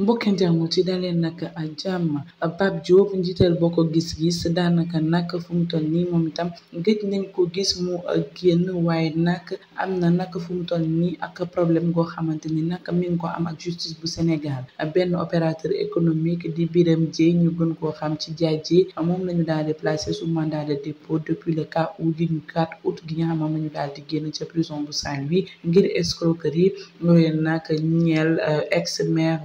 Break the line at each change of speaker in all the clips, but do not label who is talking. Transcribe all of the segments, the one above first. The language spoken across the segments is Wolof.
mbokk
internet yi daleen nag ak jàmm Pape Diop njiital boo ko gis-gis daanaka nag fu mu toll nii moom itam gëj nañ ko gis mu génn waaye nag am na nag fu mu toll nii ak problème goo xamante ni nag mi ngi ko am ak justice bu Sénégal benn opérateur économique di biram Dièye ñu gën koo xam ci Dia Dièye moom la ñu daal di placé sous mandat depuis le cas où gi ñu 4 août gi nga xam moom ñu daal di génn ci prison bu Saint-Louis ngir escroquerie loolee nag ñeel euh, ex maire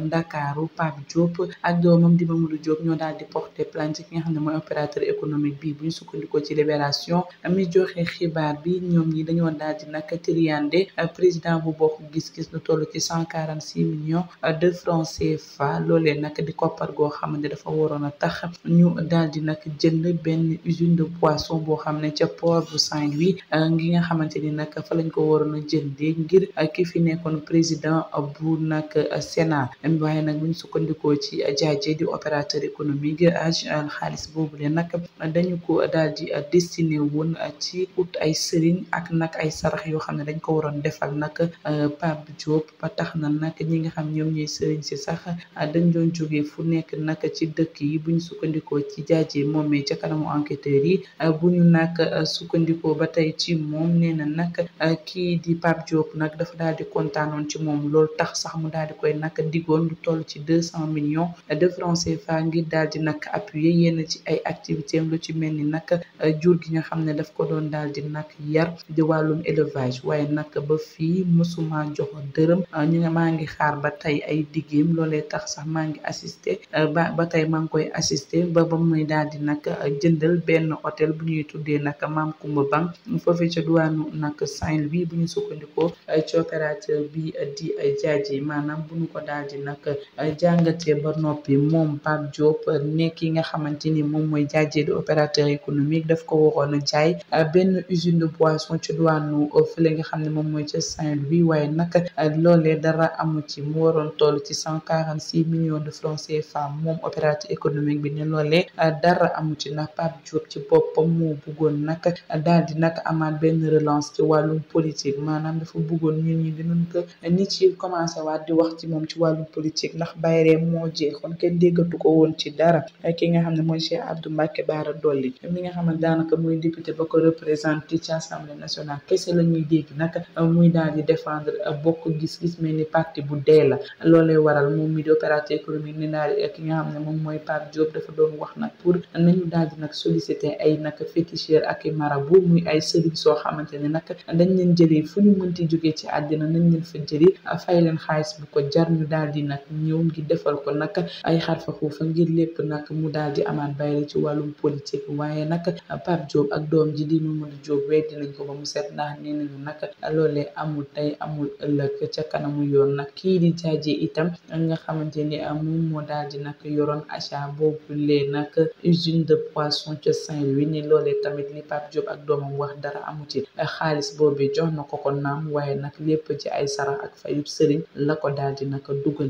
Ndakaaru Pape Diop ak doomam di Mamadou Diop ñoo daal di porter plainte ki nga xam ne mooy opérateur économique bi bu ñu sukkandikoo ci Libération mi joxe xibaar bi ñoom ñi dañoo daal di nag triyande président bu bokk gis-gis lu toll ci cent quarante six millions de francs fa loole nag di koppar goo xamante dafa waroon a tax ñu daal di nag jënd benn usine de poisson boo xam ne ca port bu Saint-Louis ngi nga xamante ni nag fa lañ ko waroon a jëndee ngir ki fi nekkoon président bu nag Sénat waaye nag buñ sukkandikoo ci jaajee di opérateur économique xaalis boobu le nag dañu ko daal di destiné woon ci ut ay sëriñ ak nag ay sarax yoo xam ne dañ ko waroon defal nag euh, Pape Diop ba tax na nag ñi nga xam ñoom ñooy sëriñ si sax dañ doon jógee fu nekk nag ci dëkk yi buñ sukkandikoo ci jaajee moomee ca kanamu enquêteurs yi bu ñu nag sukkandikoo ba tey ci moom nee na nag kii di Pape Diop nag dafa daal di kontaanoon ci moom loolu tax sax mu daal di koy nak digo bëggoon lu toll ci deux cent millions de francs CFA ngir daal di nag appuyer yenn ci ay activités am lu ci mel ni nag euh, jur gi nga xam ne daf ko doon daal di nag yar di wàllum élevage waaye nag ba fii mësuma jox dërëm euh, ñu nga maa ngi xaar ba tey ay digéem loolee tax sax maa ngi assister euh, ba ba tey maa ngi koy assister ba ba muy daal di nag jëndal benn hôtel bu ñuy tuddee nag maam Kumba Bang foofee ca duwaanu nag Saint-Louis bu ñu sukkandikoo ci opérateur bi di jaaji maanaam bu ñu ko daal nag eh, jàngatee ba noppi moom Pape Diop eh, nekk ki nga xamante ni moom mooy jaajee di opérateur économique daf ko waroon a jaay eh, benn usine de boisson ci duwaanu fële nga xam ne moom mooy ca Saint-Louis waaye nag loolee dara amu ci mu waroon toll ci cent quarante six millions de francs CFA moom opérateur économique bi ne loolee dara amu ci nag Pape Diop ci boppam moo bëggoon nag daal di nag amaat benn relance ci wàllum politique maanaam dafa bëggoon ñun ñi gënoon ko nit yi commencé waat di wax ci moom ci wàllum politique ndax Bayré moo jeexoon kenn déggatu ko woon ci dara ki nga xam ne mooy Cheikh Abdou Mbacké Bara Dolly mi nga xam ne daanaka mooy député ba ko représenté ci assemblée nationale kese la ñuy dégg nag muy daal di défendre bokk gis-gis mel ni parti bu dee la loolee waral moom mi di opérateur économique ni daal ki nga xam ne moom mooy Pape Diop dafa doon wax na pour nañu daal di nag solliciter ay nag féticheur ak i mara marabu muy ay sëriñ soo xamante ne nag dañ leen jëlee fu ñu mënti jógee ci àddina nañ leen fa jëli fay leen xaalis bu ko jar ñu daal di yi nag ñëw ngi defal ko nag ay xarfa xuufa ngir lépp nag mu daal di amaan bayra ci wàllum politique waaye nag Pape Diop ak doom ji di Mamadou Diop weddi nañ ko ba mu set ndax nee nañu nag loolee amul tey amul ëllëg ca kanamu yoon nag kii di jaajee itam nga xamante ni moom moo daal di nag yoroon achat boobu lee nag usine de poisson ca Saint-Louis ni loole tamit li Pape Diop ak doomam wax dara amu ci xaalis boobu jox na ko ko naam waaye nag lépp ci ay sarax ak fayub sëriñ la ko daal di dugal